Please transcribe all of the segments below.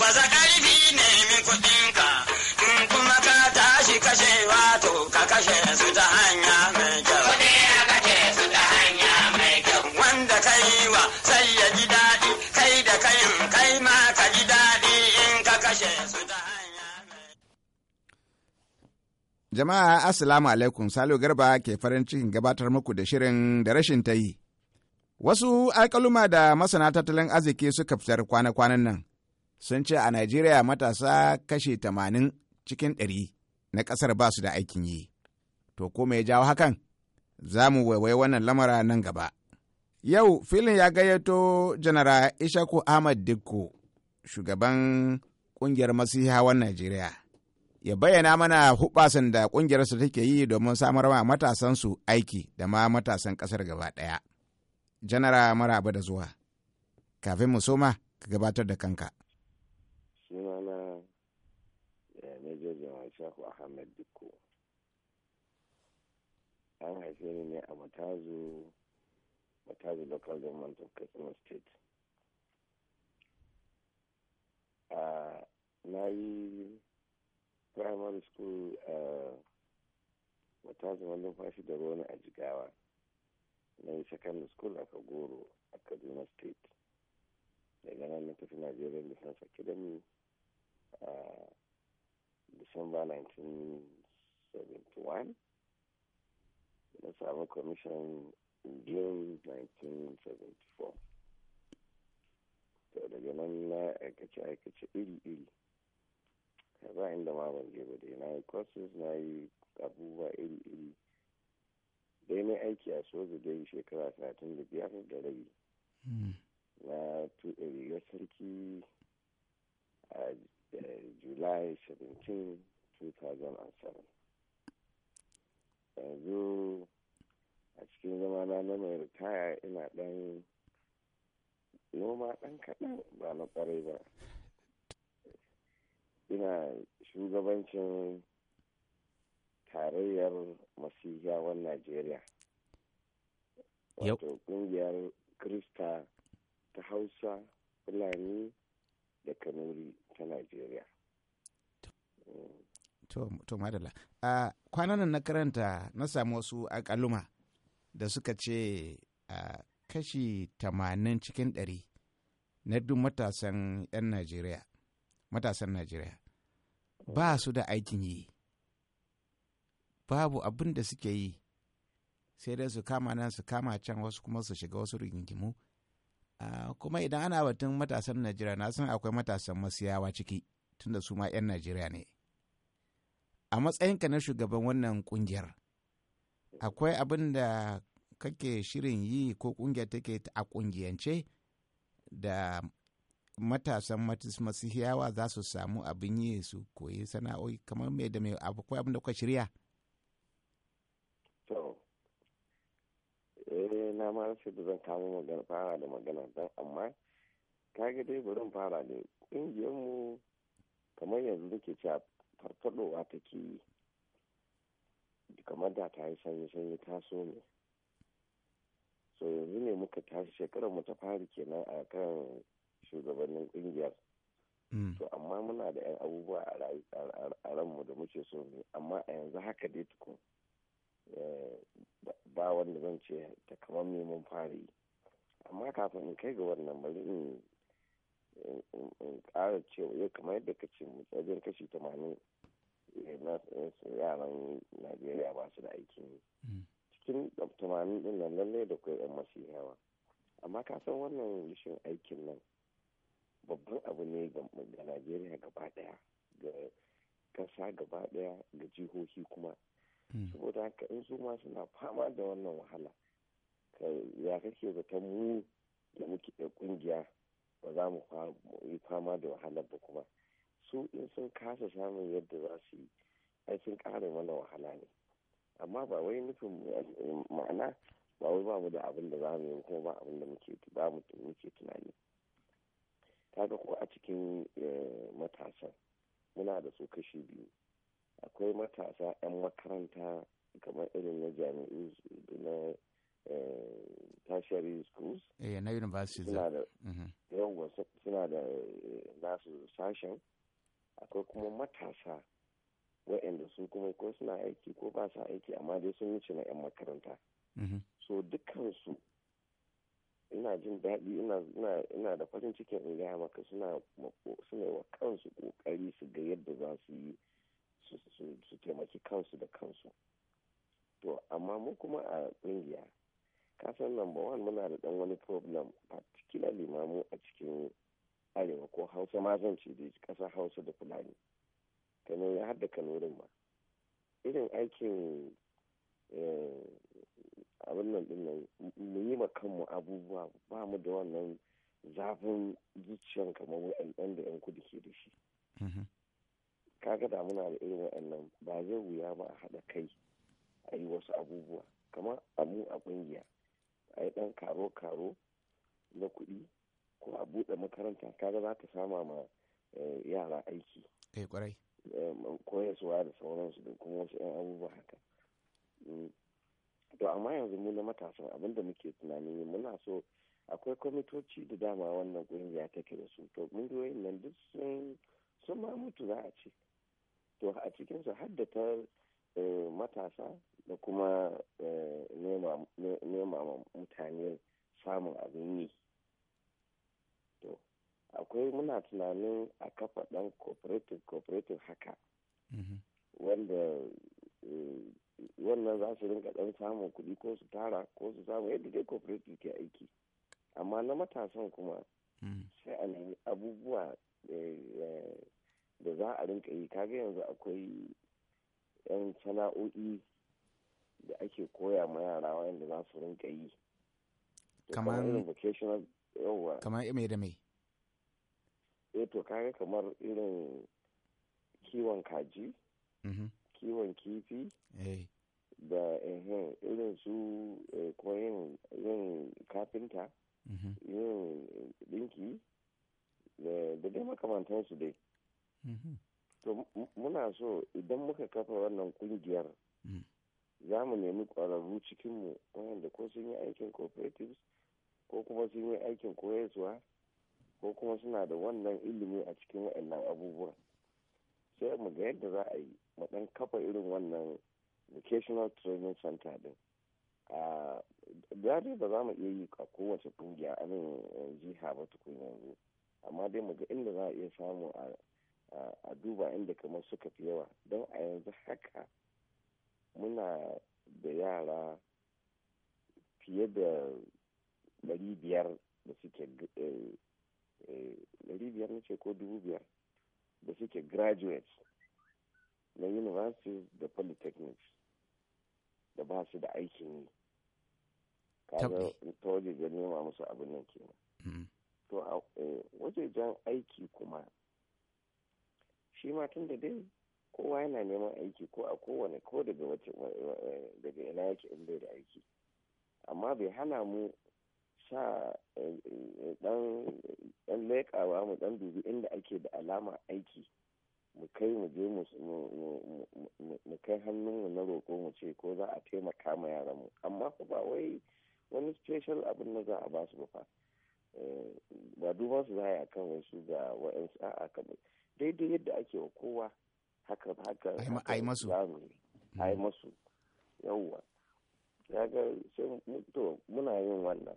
Baza ƙarfi ne min kuɗinka, in kuma ka tashi kashe wato ka kashe su ta hanya mai kyau. Kuɗi ya kashe su ta hanya mai kyau. Wanda ka yi wa sai ya ji daɗi, kai da kayin kai ma ka ji daɗi in ka kashe su ta hanya mai Jama'a Assalamu alaikum Salo Garba ke farin cikin gabatar muku da shirin da rashin ta yi. Wasu alkaluma da masana tattalin arziki suka fitar kwana-kwanan nan sun ce a Najeriya matasa kashe tamanin cikin ɗari na ƙasar ba su da aikin yi. To ko me ya jawo hakan? Za mu waiwai wannan lamara nan gaba. Yau filin ya gayyato Janara Ishaku Ahmad Dikko, shugaban ƙungiyar Masihawan Najeriya. Ya bayyana mana hubasan da ƙungiyarsa take yi domin samar wa matasansu aiki da ma matasan ƙasar gaba ɗaya. Janara maraba da zuwa. Kafin mu soma, ka gabatar da kanka. jejin Shaku Ahmed Dikko. An haife ni ne a Matazu, Matazu local government of Katsina State. na yi primary school Matazu wanda fashi da ruwan a Jigawa. Na yi secondary school a Kagoro a Kaduna State. Daga nan na tafi Najeriya Defense Academy. December 1971 na samu commission in June 1974 to daga nan na aikace-aikace iri-iri ba inda ma ban je ba dai na yi courses na yi abubuwa iri-iri dai na aiki a soja dai shekara 35 da rabi hmm. na tuɗe rigar sarki a Eh, july 17 2007 yanzu a cikin zamana na mai ritaya ina ɗan noma ɗan kaɗan ba na ƙwarai ba ina shugabancin tarayyar masijawan najeriya wato ƙungiyar krista ta hausa fulani da kanuri ta najeriya to madalla a kwanan na karanta na samu wasu akaluma da suka ce a kashi tamanin cikin ɗari na duk matasan 'yan najeriya matasan najeriya ba su da aikin yi babu abin da suke yi sai dai su kama nan su kama can wasu kuma su shiga wasu rigingimu Ah, kuma idan ana batun matasan najeriya na san akwai matasan masiyawa ciki tunda su ma 'yan najeriya ne a matsayinka na shugaban wannan kungiyar akwai abin da kake shirin yi ko kungiyar take a kungiyance da matasan masiyawa za su samu abin yi su koyi sana'o'i kamar mai da mai abin da kuka shirya na ma rasa da zan kamo magana fara da magana dan amma kaga dai bari fara ne ƙungiyar mu kamar yanzu ke cewa farfadowa ta ke yi kamar da ta yi sanyi sanyi ta so ne so yanzu ne muka tashi shekarar mu ta fari kenan a kan shugabannin ƙungiyar mm. to amma muna da 'yan abubuwa a mu da muke so ne amma a yanzu haka dai tukun Eh, ba wanda zan ce ta kamar neman fari amma kafin in kai ga wannan bari in ƙara cewa ya eh, kamar yadda ka ce wajen kashi tamanin eh, na yaran najeriya ba su da aikin yi hmm. cikin tamanin din nan lallai da kai yan masihawa amma ka san wannan rashin aikin nan babban abu ne ga najeriya gaba daya ga kasa gaba daya ga jihohi kuma Mm. saboda haka in su ma suna fama da wannan wahala ya kake zaton mu da muke da kungiya ba za mu yi fama da wahalar ba kuma su in sun kasa samun yadda za su yi ai sun ƙara mana wahala ne amma ba wai nufin ma'ana ba wai ba mu da abin da za mu yi kuma ba abin da muke tunani kaga ko a cikin eh, matasan muna da su kashi biyu akwai matasa 'yan makaranta kamar irin na jami'u na eh, tertiary schools eh, na university suna da mm-hmm. suna eh, nasu sashen akwai kuma matasa wa'anda su kuma ko suna aiki ko ba su aiki amma dai sun wuce na 'yan makaranta mm-hmm. so dukansu ina jin daɗi ina da farin cikin in gaya maka suna suna wa kansu ƙoƙari su ga yadda za su yi su taimaki kansu da kansu to amma mu kuma a ƙungiya kasan number one muna da dan wani problem particularly ma mu a cikin arewa ko hausa ma zan ce da kasa hausa da fulani kano ya da kanorin ma irin aikin eh, abin nan din nan mu yi kanmu abubuwa ba mu da wannan zafin zuciyan kamar wa'yan da 'yan kudu ke da shi mm-hmm. kaga da muna da irin wa'annan ba zai wuya ba a haɗa kai a yi wasu abubuwa kamar a mu a ƙungiya a yi ɗan karo-karo na kuɗi ko a buɗe makaranta kaga za ta sama ma eh, yara aiki eh kwarai da sauransu da kuma wasu 'yan abubuwa haka mm. to amma yanzu mu na matasan abinda muke tunani muna so akwai kwamitoci da dama wannan ƙungiya take da su to mun nan duk sun sun ma mutu za a ce to a cikin su eh, matasa da kuma eh, nema mutane samun abin yi to akwai muna tunanin a kafa dan cooperative cooperative haka mm-hmm. wanda eh, wannan za su rinka dan samun kuɗi ko su tara ko su samu yadda dai cooperative ke aiki amma na matasan kuma mm. sai a nemi abubuwa da za a rinka yi kaga yanzu akwai yan sana'o'i da ake koya ma yara wanda za su rinka yi kamar vocational yawa kamar mai da mai eh to kaga kamar irin kiwon kaji mm-hmm. kiwon kifi eh. da eh, irin su eh, ko yin kafinta yin mm-hmm. dinki da dai makamantansu dai Mm-hmm. to muna so idan muka kafa wannan kungiyar mm. za mu nemi ƙwararru cikinmu wanda ko sun yi aikin cooperatives ko kuma sun yi aikin koyarwa ko kuma suna da wannan ilimi a cikin waɗannan abubuwan sai mu ga yadda za a yi mu ɗan kafa irin wannan vocational training center din a dare ba za mu iya yi a kowace kungiya a nan eh, jiha ba tukun yanzu amma dai mu ga inda za a iya samu a a duba inda kamar suka fi yawa don a yanzu haka muna da yara fiye da ɗari biyar da suke eh, eh, ɗari biyar na ce ko dubu biyar da suke graduates na universities da polytechnic da ba su da aikin yi kaga ta waje da musu abin nan ke mm-hmm. to eh, jan aiki kuma shi ma tun da dai kowa yana neman aiki ko a kowane ko daga wace daga ina yake in bai da aiki amma bai hana mu sha eh, eh, dan leƙawa mu dan dubi inda ake da alama aiki mu kai mu je mu mu kai hannun hannunmu na roƙo mu ce ko za a taimaka ma yaran mu amma fa ba wai wani special abin na za a ba su ba fa eh, ba duban su za a kan wasu ga wa'ansu a'a kamar daidai yadda ake wa kowa haka haka a yi masu a yi mm. masu yawwa ya ga to muna yin wannan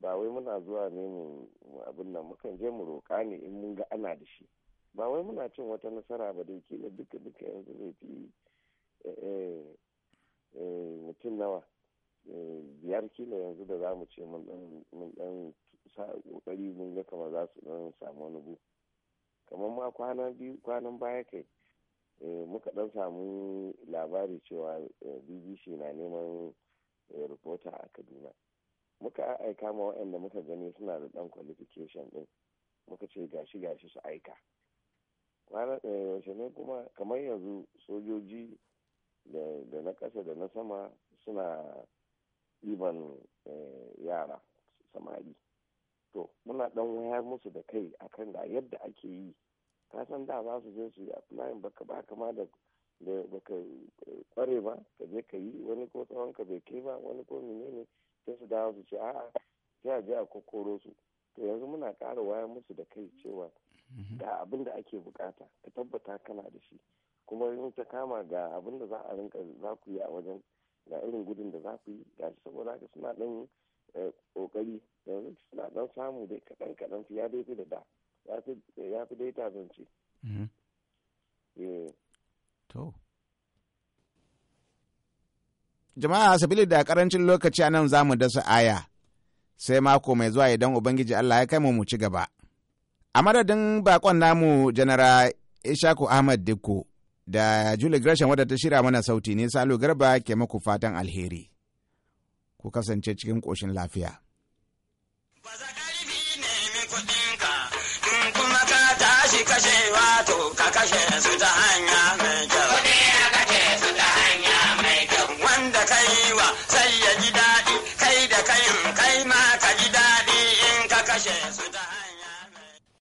ba wai muna zuwa ne mu abin nan mukan je mu roƙa ne in mun ga ana da shi ba wai muna cin wata nasara ba da kila duka duka yanzu zai fi eh, eh, eh, mutum nawa biyar kila yanzu da za mu ce mun dan sa kokari mun ga kamar za su dan samu wani bu kamar ma biyu kwanan baya kai eh, muka dan samu labari cewa eh, bbc na neman eh, reporter a kaduna muka aika ma waɗanda muka gani suna da dan qualification din muka ce gashi gashi su aika yaushe ne kuma kamar yanzu sojoji da na ƙasa da na sama suna ɗiban yara samari to muna dan wayar musu da kai akan ga yadda ake yi kasan da za su je su yi applying baka ba kama da da kware eh, ba ka je ka yi wani ko tsawon ka bai kai ba wani ko menene sai su dawo su ce a'a sai a je a kokoro su to yanzu muna ƙara wayar musu da kai cewa mm-hmm. ga abin da ake bukata ka tabbata kana da shi kuma in ta kama ga abin da za a rinka za ku yi a wajen ga irin gudun da za ku yi ga saboda haka suna ɗan kokari eh, suna dan samu dai kadan ya dai fi da da ya fi dai tazance. Mm-hmm. Eh. To. Jama'a sabili da karancin lokaci a nan za mu dasa aya, sai mako mai zuwa idan Ubangiji Allah ya kai mu mu ci gaba. A madadin bakon namu janara Ishaku Ahmad Dikko da Julie Gresham wadda ta shirya mana sauti ne Salo Garba ke muku fatan alheri. ku kasance cikin ƙoshin lafiya. kuma ka tashi kashe to ka kashe su ta